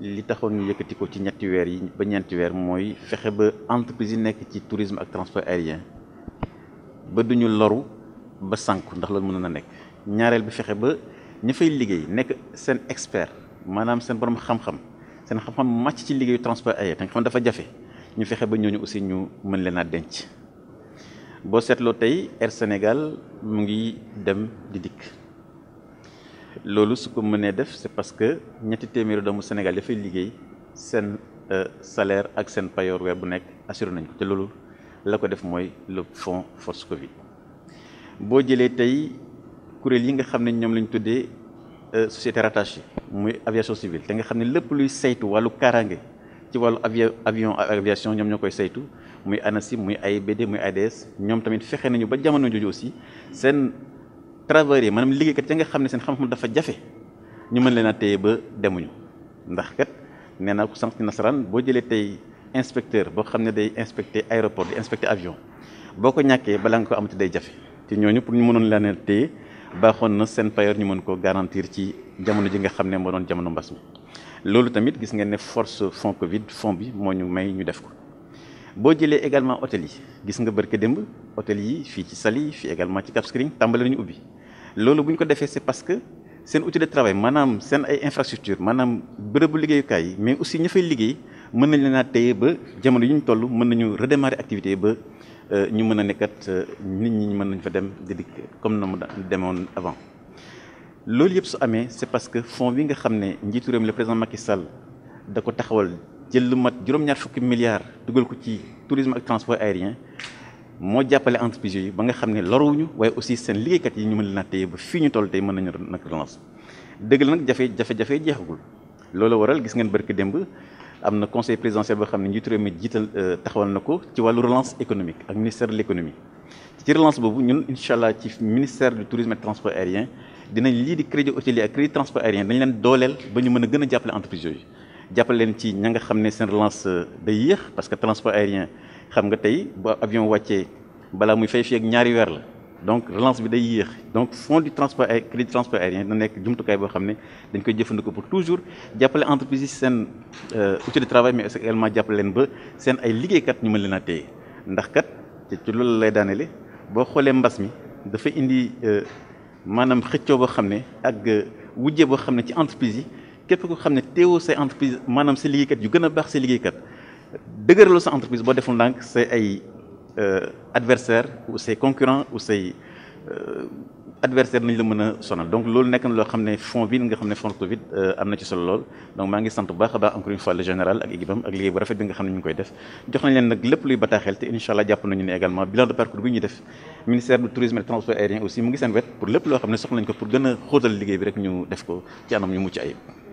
li taxoon ñu yëkkati ko ci ñetti weer yi ba ñeenti weer mooy fexe ba entreprise yi ci tourisme ak transport aérien ba duñu loru ba le ndax loolu mën na nekk ñaareel bi fexe ba ña fay liggéey nekk seen expert maanaam seen borom xam-xam seen xam-xam màcc ci liggéeyu transport aérien te nga xam dafa jafe ñu fexe ba ñooñu aussi ñu mën leen a denc boo Air Sénégal mu ngi dem di Lolou suko ko def c'est parce que ñetti téeméeri doomu Sénégal dafay liggéey sen euh, salaire ak sen payeur weer bu nekk assuré nañ ko te def moy le fonds force Covid bo jëlé tay kurel yi nga xamné ñom lañ tuddé euh, société rattachée muy aviation civile te nga xamné lepp luy saytu walu karangé ci walu avion aviation ñom ñokoy koy saytu muy anasim muy AIBD muy ADS ñom tamit fexé nañu ba jamono jooju aussi sen travailleurs yi maanaam liggéeykat ya nga xam ne seen xam-xam dafa jafe ñu mën leen a téye ba demuñu ndax kat nee naa ko sànq ci nasaraan boo jëlee tey inspecteur boo xam ne day inspecté aéroport di inspecté avion boo ko ñàkkee balaa nga ko am amati day jafe te ñooñu pour ñu mënoon leen a téye baaxoon na seen payeur ñu mën koo garantir ci jamono ji nga xam ne moo doon jamono mbas mi. loolu tamit gis ngeen ne force fond Covid fond bi moo ñu may ñu def ko boo jëlee également hôtel yi gis nga barke démb hôtel yi fii ci Saly fii également ci Cap Skirring nañu ubbi. Ce bu ko c'est parce que un outil de travail maanaam infrastructure maanaam bërëbu mais aussi ba redémarrer activité ba ñu comme nous mu avant. loolu c'est parce que fonds bi nga le président Macky Sall da ko taxawal jël lu mat milliards ko ci tourisme transport aérien moo jàppale entreprise yooyu ba nga xam ne loruwuñu waaye aussi seen liggéeykat yi ñu mën leen a téye ba fii ñu toll tey mën nañu nag relance dëgg la nag jafe jafe-jafe jeexagul loolu waral gis ngeen barki démb am na conseil présidentiel boo xam ne njiitu réew jiital euh, taxawal na ko ci wàllu relance économique ak ministère de l'économie ci relance boobu ñun incha allah ci ministère du tourisme et transport aérien dinañ lii di crédit hôtelier ak crédit transport aérien dañ leen dooleel ba ñu mën a gën a jàppale entreprise yooyu jàppale ci ña nga xamné sen relance euh, de yex parce que transport aérien xam nga tay ba avion waccé bala muy fay fi ak ñaari weer la donc relance bi day yex donc fond du transport aérien crédit transport aérien na nek jumtukaay kay bo xamné dañ koy jëfëndiko pour toujours jàppale entreprise sen seen euh, outil de travail mais aussi également jàppale leen ba sen ay kat ñu mën leen a téye ndax kat ci loolu lay danelé bo xolé mbass mi dafa indi euh, manam xëccoo boo xam ne ak wujje boo xam ne ci entreprise yi. képp ko xam ne teewoo say entreprise maanaam sa liggéeykat yu gën a baax sa liggéeykat dëgëraloo sa entreprise boo deful ndànk say ay adversaire ou say concurrent ou say adversaire nañ la mën a sonal donc loolu nekk na loo xam ne fond bi nga xam ne fond Covid am na ci solo lool donc maa ngi sant bu baax a baax encore une fois le général ak équipe am ak liggéey bu rafet bi nga xam ne ñu ngi koy def jox nañ leen nag lépp luy bataaxel te incha allah jàpp nañu ne également bilan de parcours bi ñu def ministère du tourisme et transport aérien aussi mu ngi seen wet pour lépp loo xam ne soxla nañ ko pour gën a xóotal liggéey bi rek ñu def ko ci anam ñu mucc ayib